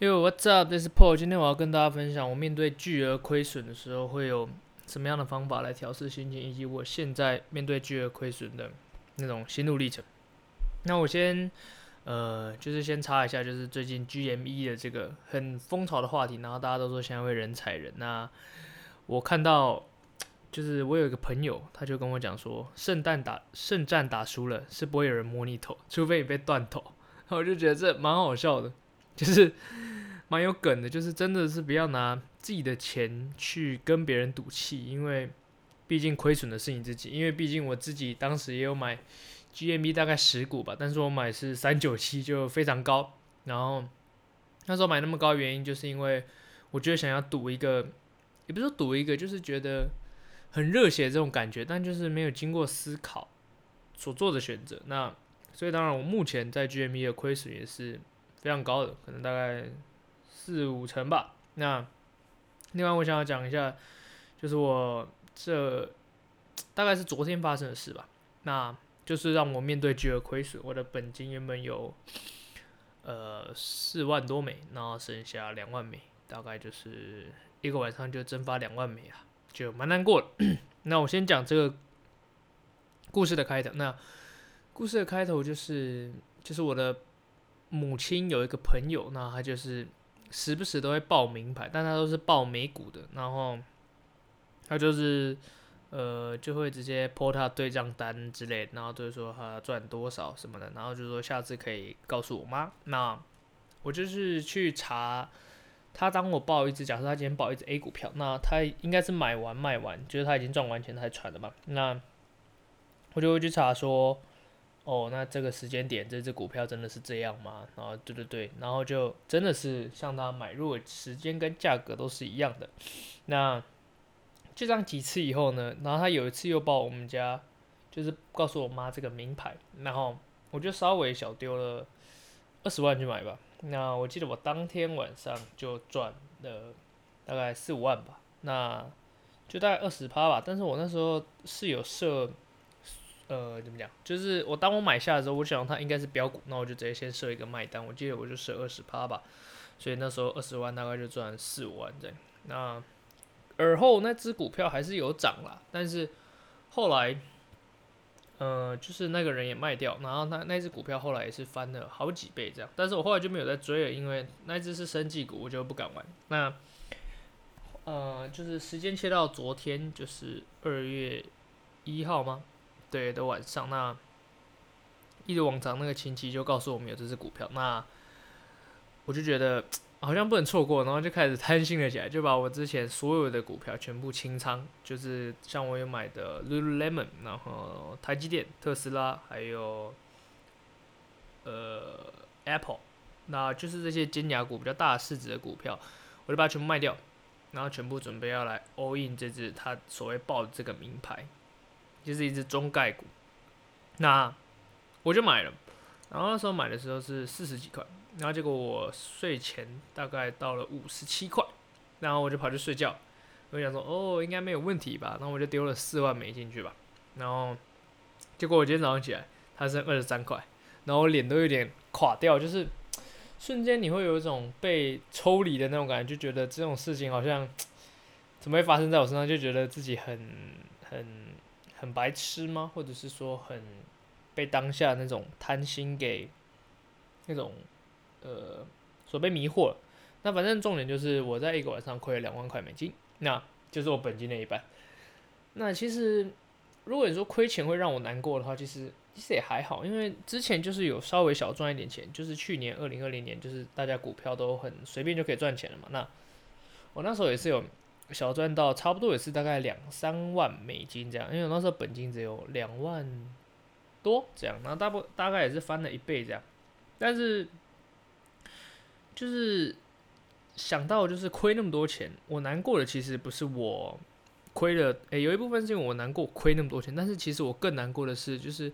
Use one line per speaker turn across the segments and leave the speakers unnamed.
Yo, what's up? This is Paul. 今天我要跟大家分享，我面對巨額虧損的時候會有什麼樣的方法來調試心情，以及我現在面對巨額虧損的那種心路歷程。那我先呃，就是先查一下，就是最近 GME 的這個很風潮的話題，然後大家都說現在會人踩人吶。那我看到就是我有一個朋友，他就跟我講說，聖誕打聖戰打輸了是不會有人摸你頭，除非你被斷頭。然後我就覺得這蠻好笑的。就是蠻有梗的，就是真的是不要拿自己的錢去跟別人賭氣，因為畢竟虧損的是你自己。因為畢竟我自己當時也有買 GME 大概十股吧，但是我買是三九七就非常高。然後那時候買那麼高原因就是因為我覺得想要賭一個，也不是說賭一個，就是覺得很熱血這種感覺，但就是沒有經過思考所做的選擇。那所以當然我目前在 GME 的虧損也是。非常高的，可能大概四五成吧。那另外我想要講一下，就是我這大概是昨天發生的事吧。那就是讓我面對巨額虧損，我的本金原本有呃四萬多美，然後剩下兩萬美，大概就是一個晚上就蒸發兩萬美啊，就蠻難過的。 那我先講這個故事的開頭。那故事的開頭就是就是我的。母親有一個朋友，那他就是時不時都會報名牌，但他都是報美股的。然後他就是呃，就會直接 po 他對賬單之類的，然後就是說他賺多少什麼的，然後就說下次可以告訴我媽。那我就是去查他，當我報一隻，假設他今天報一隻 A 股票，那他應該是買完賣完，就是他已經賺完錢，他才傳的嘛。那我就會去查說。哦，那這個時間點這只股票真的是這樣嗎？然後對對對，然後就真的是像他買入的時間跟價格都是一樣的，那就這樣幾次以後呢，然後他有一次又報我們家，就是告訴我媽這個明牌，然後我就稍微小丟了二十萬去買吧。那我記得我當天晚上就賺了大概四五萬吧，那就大概二十趴吧。但是我那時候是有設。呃，怎麼講？就是我當我買下的時候，我想它應該是標股，那我就直接先設一個賣單。我記得我就設二十趴吧，所以那時候二十萬大概就賺四五萬這樣。那而後那隻股票還是有漲了，但是後來，呃，就是那個人也賣掉，然後他那，那隻股票後來也是翻了好幾倍這樣。但是我後來就沒有再追了，因為那只是生技股，我就不敢玩。那呃，就是時間切到昨天，就是二月一號嗎？對的晚上，那一如往常那個親戚就告訴我們有這支股票，那我就覺得好像不能錯過，然後就開始貪心了起來，就把我之前所有的股票全部清倉，就是像我有買的 Lululemon，然後台積電、特斯拉，還有呃 Apple，那就是這些尖牙股、比較大的市值的股票，我就把它全部賣掉，然後全部準備要來 all in 這支他所謂報的這個明牌。就是一隻中概股，那我就買了，然後那時候買的時候是四十幾塊，然後結果我睡前大概到了五十七塊，然後我就跑去睡覺，我就想說，哦，應該沒有問題吧，然後我就丟了四萬美金進去吧，然後結果我今天早上起來，它是二十三塊，然後我臉都有點垮掉，就是瞬間你會有一種被抽離的那種感覺，就覺得這種事情好像怎麼會發生在我身上，就覺得自己很很。很白痴嗎？或者是說很被當下那種貪心給那種呃所迷迷惑了？那反正重點就是我在一個晚上虧了兩萬塊美金，那就是我本金的一半。那其實如果你說虧錢會讓我難過的話，其實其實也還好，因為之前就是有稍微小賺一點錢，就是去年二零二零年，就是大家股票都很隨便就可以賺錢了嘛。那我那時候也是有。小賺到差不多也是大概兩三萬美金這樣，因為我那時候本金只有兩萬多這樣，然後大部大概也是翻了一倍這樣。但是就是想到就是虧那麼多錢，我難過的其實不是我虧了，誒、欸，有一部分是因為我難過虧那麼多錢，但是其實我更難過的是，就是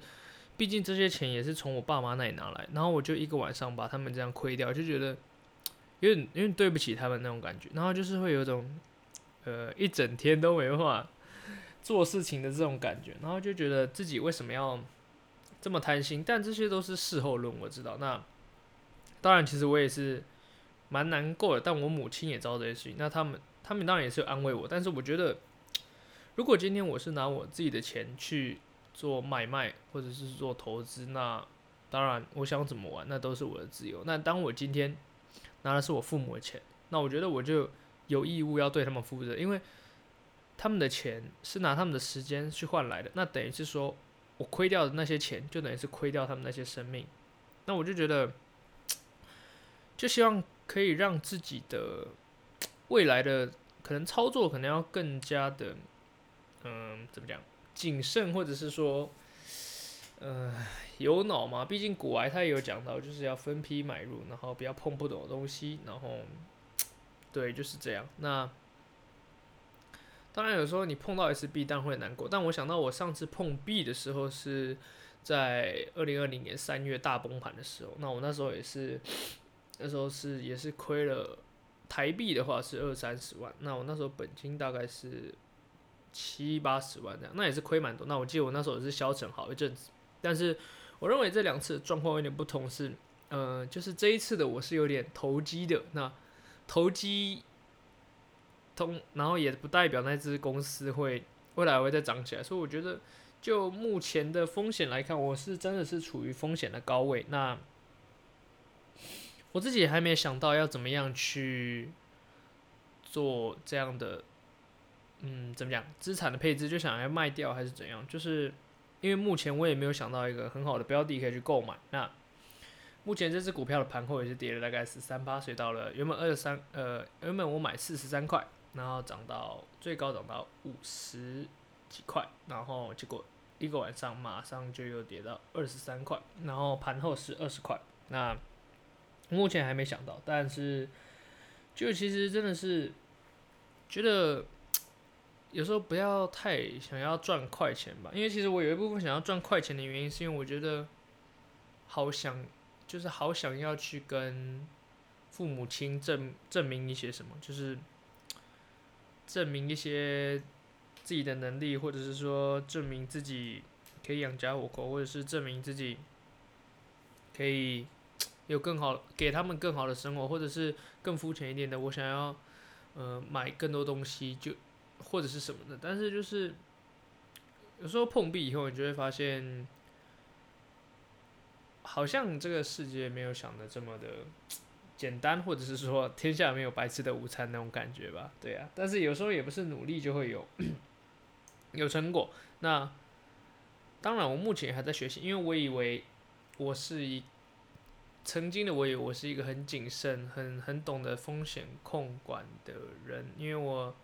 畢竟這些錢也是從我爸媽那裡拿來，然後我就一個晚上把他們這樣虧掉，就覺得有點有點對不起他們那種感覺，然後就是會有一種。呃，一整天都沒法做事情的這種感覺，然後就覺得自己為什麼要這麼貪心？但這些都是事後論，我知道。那當然，其實我也是蠻難過的。但我母親也知道這些事情，那他們他們當然也是安慰我。但是我覺得，如果今天我是拿我自己的錢去做買賣或者是做投資，那當然我想怎麼玩，那都是我的自由。那當我今天拿的是我父母的錢，那我覺得我就。有義務要對他們負責，因為他們的錢是拿他們的時間去換來的。那等於是說我虧掉的那些錢，就等於是虧掉他們那些生命。那我就覺得，就希望可以讓自己的未來的可能操作，可能要更加的，嗯、呃，怎麼講，謹慎，或者是說，呃，有腦嘛。畢竟國外他也有講到，就是要分批買入，然後不要碰不懂的東西，然後。對，就是這樣。那當然，有時候你碰到 S B 當但會難過，但我想到我上次碰壁的時候是在二零二零年三月大崩盤的時候，那我那時候也是，那時候是也是虧了台幣的話是二三十萬，那我那時候本金大概是七八十萬這樣，那也是虧蠻多。那我記得我那時候也是消沉好一陣子，但是我認為這兩次的狀況有點不同是，是、呃、嗯，就是這一次的我是有點投機的，那。投機，通，然後也不代表那支公司會未來會再漲起來，所以我覺得就目前的風險來看，我是真的是處於風險的高位。那我自己還沒想到要怎麼樣去做這樣的，嗯，怎麼講，資產的配置，就想要賣掉還是怎樣？就是因為目前我也沒有想到一個很好的標的可以去購買。那目前這隻股票的盤後也是跌了，大概是三八，趴到了原本二十三呃，原本我買四十三塊，然後漲到最高漲到五十幾塊，然後結果一個晚上馬上就又跌到二十三塊，然後盤後是二十塊。那目前還沒想到，但是就其實真的是覺得有時候不要太想要賺快錢吧，因為其實我有一部分想要賺快錢的原因，是因為我覺得好想。就是好想要去跟父母親證證明一些什麼，就是證明一些自己的能力，或者是說證明自己可以養家糊口，或者是證明自己可以有更好，給他們更好的生活，或者是更膚淺一點的，我想要嗯、呃、買更多東西就或者是什麼的，但是就是有時候碰壁以後，你就會發現。好像這個世界沒有想的這麼的簡單，或者是說天下沒有白吃的午餐那種感覺吧？對呀、啊，但是有時候也不是努力就會有有成果。那當然，我目前還在學習，因為我以為我是一曾經的我，以為，我是一個很謹慎、很很懂得風險控管的人，因為我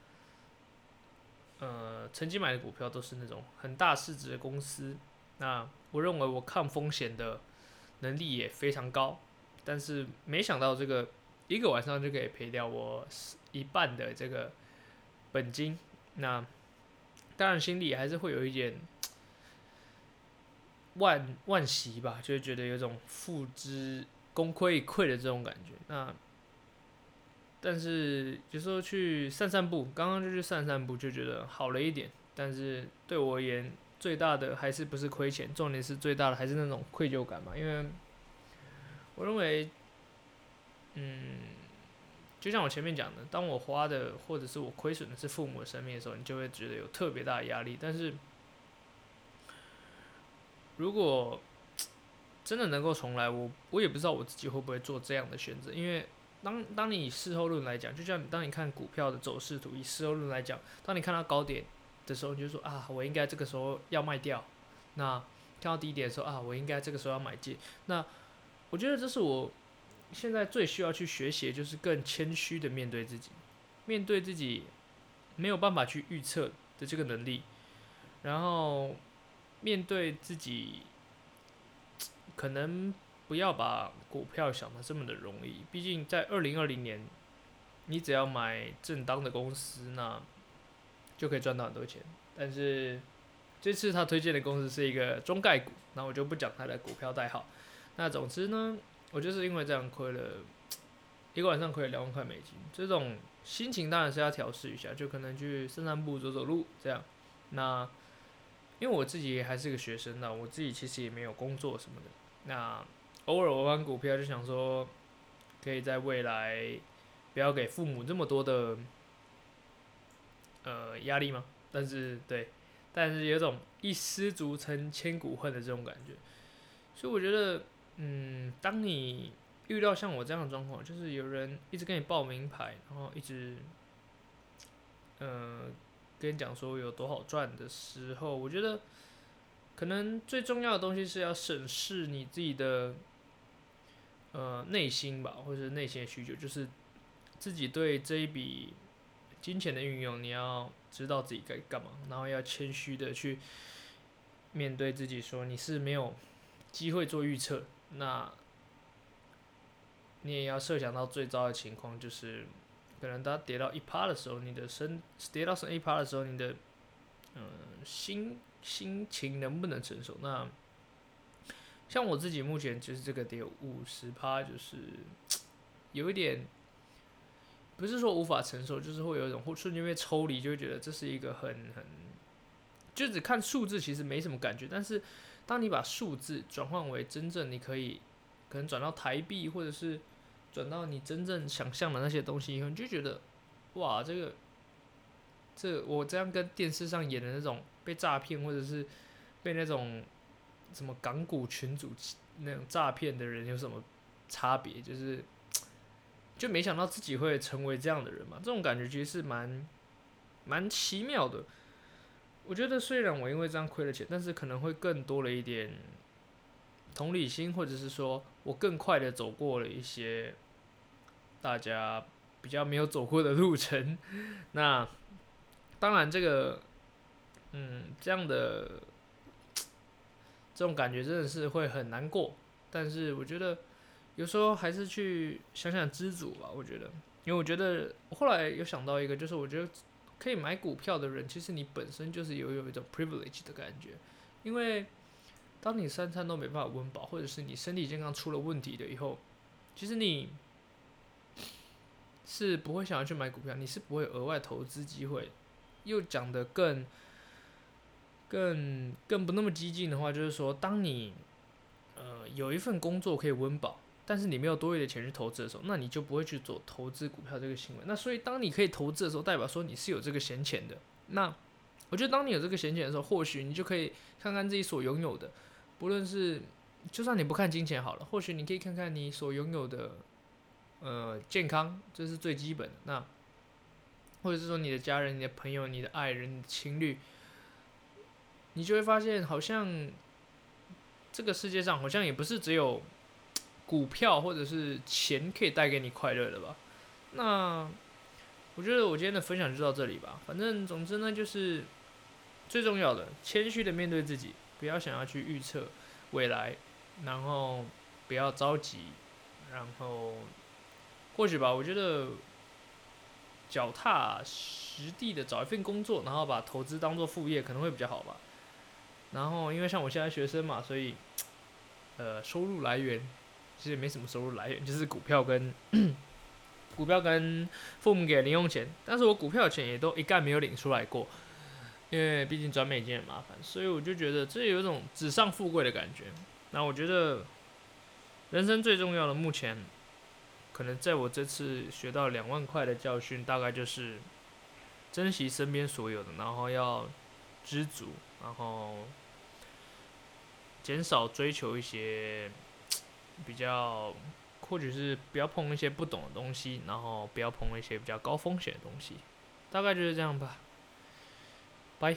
呃曾經買的股票都是那種很大市值的公司。那我認為我抗風險的。能力也非常高，但是沒想到這個一個晚上就可以賠掉我一半的這個本金。那當然心裡還是會有一點惋惋惜吧，就覺得有種付之功虧一簣的這種感覺。那但是就是說去散散步，剛剛就去散散步就覺得好了一點。但是對我而言，最大的還是不是虧錢，重點是最大的還是那種愧疚感嘛，因為我認為，嗯，就像我前面講的，當我花的或者是我虧損的是父母的生命的時候，你就會覺得有特別大的壓力。但是，如果真的能夠重來，我我也不知道我自己會不會做這樣的選擇。因為當當你以事後論來講，就像當你看股票的走勢圖，以事後論來講，當你看到高點，的時候你就說啊，我應該這個時候要賣掉。那看到低點的時候啊，我應該這個時候要買進。那我覺得這是我現在最需要去學習，就是更謙虛的面對自己，面對自己沒有辦法去預測的這個能力，然後面對自己可能不要把股票想得這麼的容易。畢竟在二零二零年，你只要買正當的公司那。就可以賺到很多錢，但是這次他推薦的公司是一個中概股，那我就不講他的股票代號。那總之呢，我就是因為這樣虧了一個晚上虧了兩萬塊美金，這種心情當然是要調適一下，就可能去散散步、走走路這樣。那因為我自己還是個學生呢，我自己其實也沒有工作什麼的。那偶爾我玩股票就想說，可以在未來不要給父母那麼多的。呃，壓力嘛，但是對，但是有種一失足成千古恨的這種感覺，所以我覺得，嗯，當你遇到像我這樣的狀況，就是有人一直跟你報名牌，然後一直，呃，跟你講說有多好賺的時候，我覺得，可能最重要的東西是要審視你自己的，呃，內心吧，或者是內心的需求，就是自己對這一筆。金錢的運用，你要知道自己該幹嘛，然後要謙虛的去面對自己，說你是沒有機會做預測，那你也要設想到最糟的情況，就是可能他跌到一趴的時候，你的身跌到剩一趴的時候，你的嗯心心情能不能承受？那像我自己目前就是這個跌五十趴，就是有一點。不是說無法承受，就是會有一種瞬間被抽離，就會覺得這是一個很很，就只看數字其實沒什麼感覺。但是，當你把數字轉換為真正你可以，可能轉到台幣，或者是轉到你真正想象的那些東西以後，你就覺得，哇，這個，這個、我這樣跟電視上演的那種被詐騙，或者是被那種什麼港股群主那種詐騙的人有什麼差別？就是。就沒想到自己會成為這樣的人嘛，這種感覺其實是蠻蠻奇妙的。我覺得雖然我因為這樣虧了錢，但是可能會更多了一點同理心，或者是說我更快的走過了一些大家比較沒有走過的路程。那當然，這個嗯，這樣的這種感覺真的是會很難過，但是我覺得。有時候還是去想想知足吧，我覺得，因為我覺得後來有想到一個，就是我覺得可以買股票的人，其實你本身就是有有一種 privilege 的感覺，因為當你三餐都沒辦法溫飽，或者是你身體健康出了問題的以後，其實你是不會想要去買股票，你是不會額外投資機會。又講得更，更更不那麼激進的話，就是說，當你呃有一份工作可以溫飽。但是你沒有多餘的錢去投資的時候，那你就不會去做投資股票這個行為。那所以，當你可以投資的時候，代表說你是有這個閒錢的。那我覺得，當你有這個閒錢的時候，或許你就可以看看自己所擁有的，不論是就算你不看金錢好了，或許你可以看看你所擁有的，呃，健康，這是最基本的。那或者是說你的家人、你的朋友、你的愛人、情侶，你就會發現，好像這個世界上好像也不是只有。股票、或者是錢可以帶給你快樂的吧？那我覺得我今天的分享就到這裡吧。反正總之呢，就是最重要的，謙虛的面對自己，不要想要去預測未來，然後不要着急，然後或許吧，我覺得腳踏實地的找一份工作，然後把投資當做副業可能會比較好吧。然後因為像我現在學生嘛，所以呃，收入來源。其實沒什麼收入來源，就是股票跟股票跟父母給零用錢，但是我股票錢也都一概沒有領出來過，因為畢竟轉美金很麻煩，所以我就覺得這有一種紙上富貴的感覺。那我覺得人生最重要的，目前可能在我這次學到兩萬塊的教訓，大概就是珍惜身邊所有的，然後要知足，然後減少追求一些。比較，或許是不要碰一些不懂的東西，然後不要碰一些比較高風險的東西，大概就是這樣吧。拜。